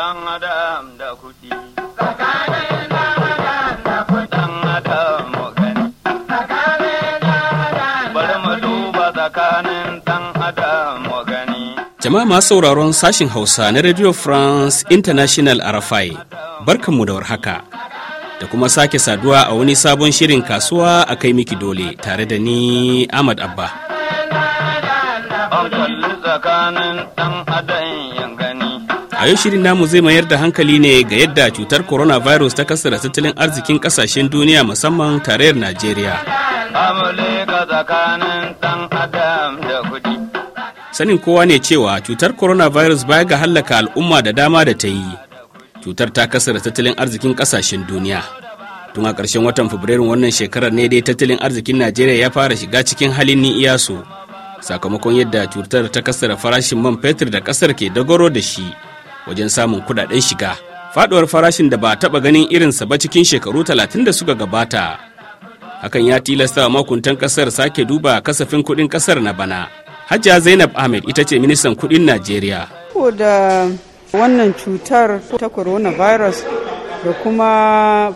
dan adam da duba Jama'a masu sauraron sashin Hausa na Radio France International Arafai, barkanmu da warhaka. Da kuma sake saduwa a wani sabon shirin kasuwa a kai miki dole tare da ni Ahmad Abba. tsakanin A yau shirin namu zai mayar da hankali ne ga yadda cutar coronavirus ta kasar tattalin arzikin kasashen duniya musamman tarayyar Najeriya. Sanin kowa ne cewa cutar coronavirus baya ga hallaka al'umma da dama da ta yi. Cutar ta kasar tattalin arzikin kasashen duniya. Tun a ƙarshen watan Fabrairun wannan shekarar ne dai tattalin arzikin Najeriya ya fara shiga cikin halin ni iyaso. Sakamakon yadda cutar ta kasar farashin man fetur da ƙasar ke dagoro da shi. wajen samun kudaden shiga faduwar farashin da ba taba ganin irinsa ba cikin shekaru talatin da suka gabata hakan ya tilasta wa makuntan kasar sake duba kasafin kuɗin kasar na bana hajja zainab ahmed ita ce ministan kudin najeriya da wannan cutar ta coronavirus da kuma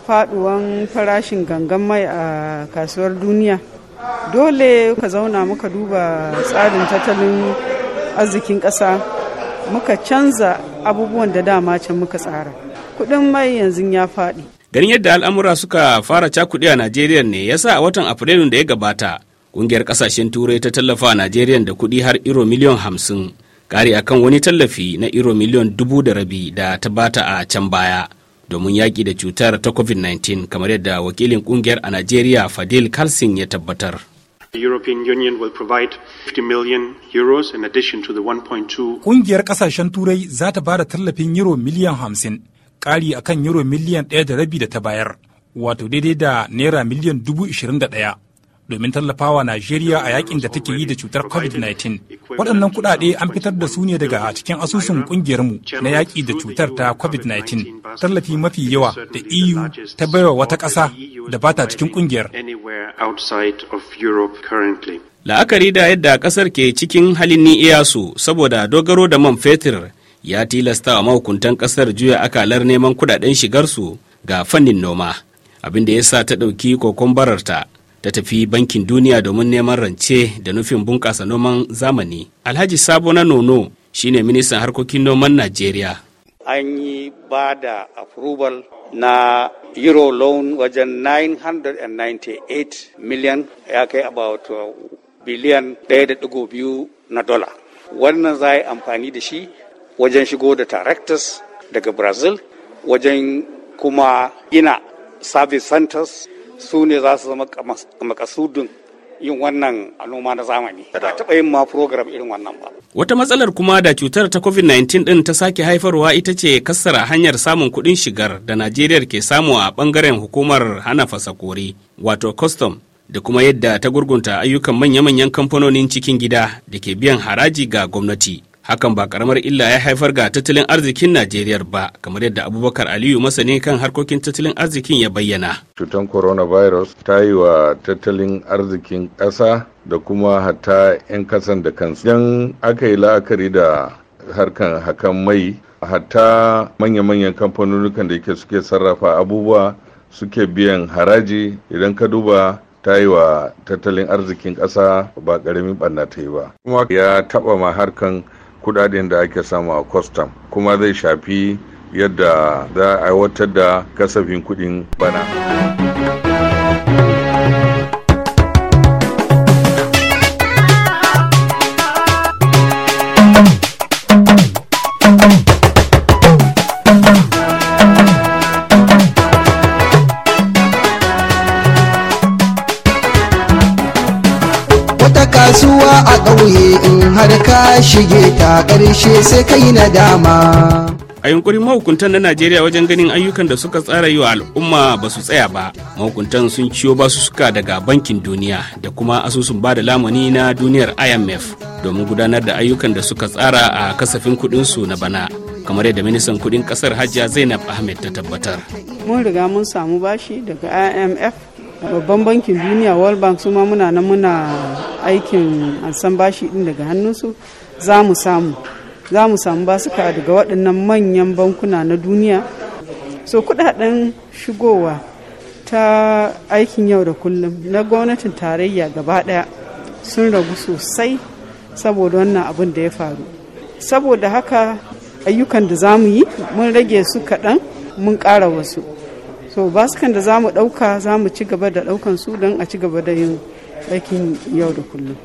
faduwan farashin gangan mai a kasuwar duniya dole ka zauna muka duba tsarin tattalin arzikin ƙasa muka canza abubuwan da dama can muka tsara kuɗin mai yanzu ya faɗi ganin yadda al'amura suka fara cakuɗe a najeriya ne yasa a watan afrilun da ya gabata ƙungiyar ƙasashen turai ta tallafa a najeriya da kuɗi har iro miliyan hamsin ƙari kan wani tallafi na iro miliyan dubu da rabi da ta bata a can baya domin yaƙi da cutar ta covid-19 kamar yadda wakilin ƙungiyar a najeriya fadil kalsin ya tabbatar Kungiyar kasashen Turai za ta bada tallafin euro miliyan 50, ƙari akan euro miliyan 1 da rabi da ta bayar, wato daidai da naira miliyan dubu da ɗaya domin tallafawa Najeriya a yakin da take yi da cutar COVID-19. Waɗannan kuɗaɗe an fitar da su ne daga cikin asusun ƙungiyarmu na yaƙi da cutar ta COVID-19, tallafi mafi yawa da EU ta baiwa wata ƙasa da ba ta cikin ƙungiyar. La'akari da yadda ƙasar ke cikin halin ni iyasu saboda dogaro da man fetur ya tilasta wa mahukuntan ƙasar juya akalar neman kuɗaɗen shigarsu ga fannin noma, abin da ya sa ta ɗauki kokon bararta ta tafi bankin duniya domin neman rance da nufin bunƙasa noman zamani alhaji sabo na nono shine ministan harkokin noman najeriya an yi ba da approval na euro loan wajen 998 million ya kai about uh, biliyan 1.2 na dola wannan za a yi amfani da shi wajen shigo da directors daga brazil wajen kuma gina service centers su ne za su zama makasudin yin wannan noma na zamani. Ba taɓa yin ma program irin wannan ba. Wata matsalar kuma da cutar ta COVID-19 ɗin ta sake haifarwa ita ce kassara hanyar samun kuɗin shigar da Najeriya ke samu a ɓangaren hukumar hana fasakori, wato custom da kuma yadda ta gurgunta ayyukan manya-manyan kamfanonin cikin gida da ke biyan haraji ga gwamnati. hakan ba karamar illa ya haifar ga tattalin arzikin najeriya ba kamar yadda abubakar aliyu masani kan harkokin tattalin arzikin ya bayyana cutar coronavirus ta yi wa tattalin arzikin ƙasa da kuma hatta 'yan kasan da kansu idan aka yi la'akari da harkan hakan mai hata manya-manyan kamfanonukan da suke sarrafa abubuwa suke biyan haraji idan ka duba ta yi wa tattalin arzikin ƙasa ba ƙaramin ɓanna ta yi ba kuma ya taɓa ma harkan kudaden da ake samu a kwastam kuma zai shafi yadda za a aiwatar da kasafin kudin bana. kasuwa a ƙauye in har ka shige ta ƙarshe sai kai dama. a yunkurin mahukuntan na najeriya wajen ganin ayyukan da suka tsara yi wa al'umma ba su tsaya ba mahukuntan sun ciyo basu suka daga bankin duniya da kuma asusun ba da lamuni na duniyar imf domin gudanar da ayyukan da suka tsara a kasafin kudinsu na bana kamar yadda ministan kudin kasar hajiya zainab ahmed ta tabbatar mun riga mun samu bashi daga imf babban bankin duniya world bank su ma muna nan muna aikin ansan bashi din daga hannunsu za mu samu za mu samu basuka daga waɗannan manyan bankuna na duniya so kudaden shigowa ta aikin yau da kullum na gwamnatin tarayya gaba daya sun ragu sosai saboda wannan abin da ya faru saboda haka ayyukan da za mu yi mun rage su kaɗan mun ƙara wasu so basukan da za mu ɗauka za mu ci gaba da ɗaukan su don a ci gaba da yin aikin yau da kullum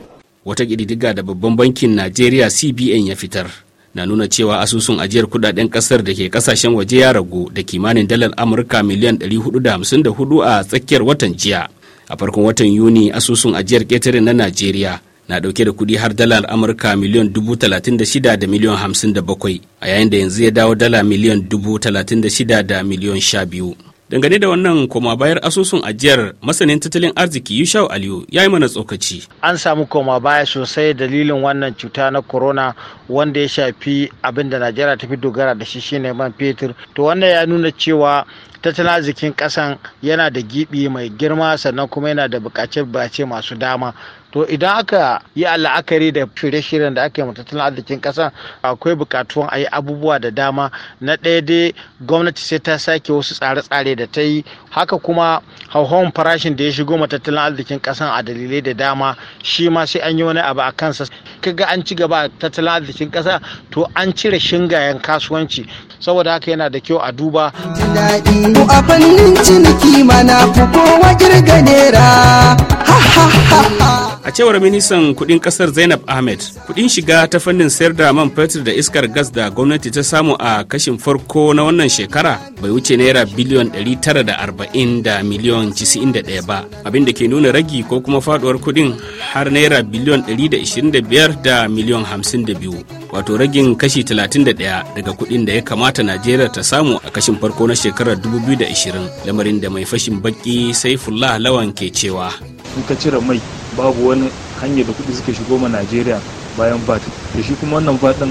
wata ƙididdiga da babban bankin najeriya cbn ya fitar na nuna cewa asusun ajiyar kudaden kasar da ke kasashen waje ya ragu da kimanin dalar amurka miliyan 454 a tsakiyar watan jiya a farkon watan yuni asusun ajiyar ƙetare na najeriya na dauke da kudi har dalar amurka miliyan 36 da miliyan 57 a yayin da yanzu ya dawo dala miliyan 36 da miliyan 12 Dangane da wannan koma bayar asusun ajiyar masanin tattalin arziki Yushau Aliyu ya yi mana tsokaci. An samu koma baya sosai dalilin wannan cuta na corona wanda ya shafi abin da Najeriya ta fi dogara da shi shine man fetur. To wannan ya nuna cewa tattalin arzikin kasan yana da gibi mai girma sannan kuma yana da bukace-bukace masu dama to idan aka yi la'akari da shirye-shiryen da ake tattalin arzikin kasa akwai bukatuwan a yi abubuwa da dama na ɗaya dai gwamnati sai ta sake wasu tsare-tsare da ta yi haka kuma hauhawan farashin da ya shigo tattalin arzikin kasa a dalilai da dama shi ma sai an yi wani abu a kansa kaga an ci gaba tattalin arzikin kasa to an cire shingayen kasuwanci saboda haka yana da kyau a duba daɗi a fannin ciniki mana fi kowa nera A cewar ministan kudin kasar Zainab Ahmed, kudin shiga ta fannin sayar da man fetur da iskar gas da gwamnati ta samu a kashin farko na wannan shekara bai wuce naira biliyon 940 da miliyon 91 ba, abin ke nuna ragi ko kuma faduwar kudin har naira biliyon 125 da miliyon 52. Wato ragin kashi 31 daga kudin da ya kamata Najeriya ta samu a kashin farko na shekarar 2020, lamarin da mai fashin baki Saifullah Lawan ke cewa in ka cire mai babu wani hanyar da kuɗi suka shigo ma najeriya bayan vat da shi kuma wannan vat ɗin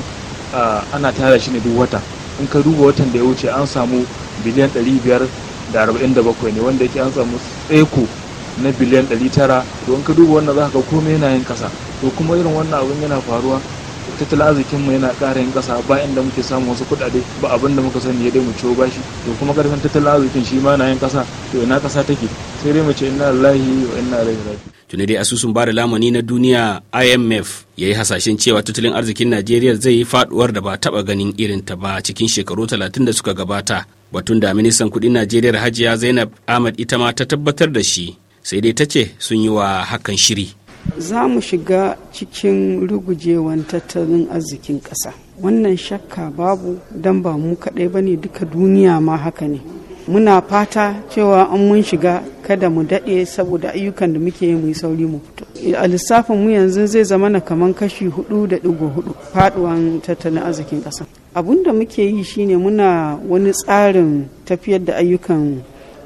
ana tara shi ne duk wata in ka duba watan da ya wuce an samu biliyan 547 ne wanda yake an samu tseko na biliyan 900 to in ka duba wannan za ka ga komai yana yin ƙasa to kuma irin wannan abin yana faruwa tattalin arzikin mu yana ƙara yin ƙasa ba inda muke samu wasu kuɗaɗe ba abin da muka sani ya dai mu ciwo bashi to kuma ƙarfin tattalin arzikin shi ma na yin ƙasa to ina ƙasa take sai dai mu ce inna lillahi wa inna ilaihi raji'un tuni dai asusun bada lamani na duniya imf yayi hasashen cewa tattalin arzikin najeriya zai yi faduwar da ba taba ganin irin ta ba cikin shekaru talatin da suka gabata batun da ministan kudin najeriya hajiya zainab ahmad ita ma ta tabbatar da shi sai dai ta ce sun yi wa hakan shiri za mu shiga cikin rugujewan tattalin arzikin ƙasa wannan shakka babu don ba mu kaɗai ba ne duka duniya ma haka ne muna fata cewa an mun shiga kada mu daɗe saboda ayyukan da muke yi mu sauri mu fito a lissafin mu yanzu zai zama na kaman kashi hudu da digo hudu faduwan tattalin arzikin ƙasa abun da muke yi shine muna wani tsarin tafiyar da ayyukan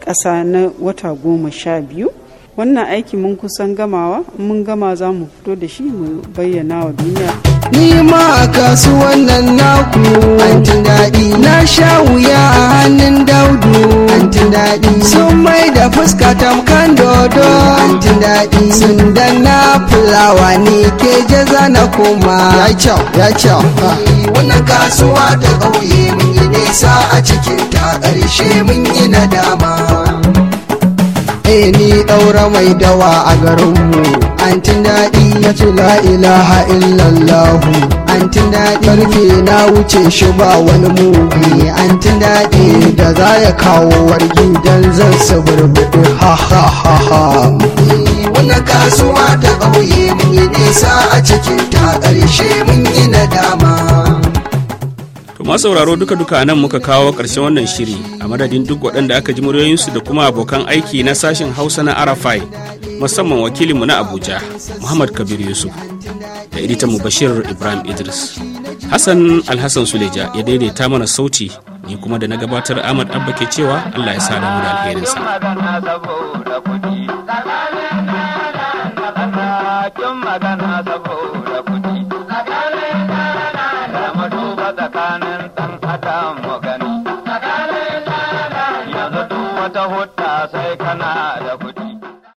ƙasa na wata goma sha biyu wannan aiki mun kusan gamawa mun gama za mu fito da shi mu bayyana wa duniya ni ma a kasuwan nan naku an daɗi na sha wuya a hannun daudu an daɗi sun mai da fuska tamkan dodo an ji daɗi sun danna fulawa ne ke jaza na koma ya kyau ya kyau wannan kasuwa ta ƙauye mun yi nisa a cikin ta ƙarshe mun yi nadama ne ni daura mai dawa a garinmu antin daɗi ya ci la ilaha illallahu antin daɗi karfe na wuce shi ba wani mugi antin daɗi da za ya kawo wargi dan zan suburbuɗi ha ha ha ha wani kasuwa ta ƙauye mun yi nisa a cikin ta ƙarshe mun yi nadama Kuma sauraro duka-duka nan muka kawo ƙarshen wannan shiri a madadin duk waɗanda aka ji muryoyinsu da kuma abokan aiki na sashen Hausa na Arafai musamman wakilinmu na Abuja Muhammad Kabir Yusuf da editan mu Bashir Ibrahim Idris. Hassan Alhassan Suleja ya daidaita mana sauti ni kuma da na gabatar Ahmad Abba ke cewa Allah ya sa da mu da alherinsa.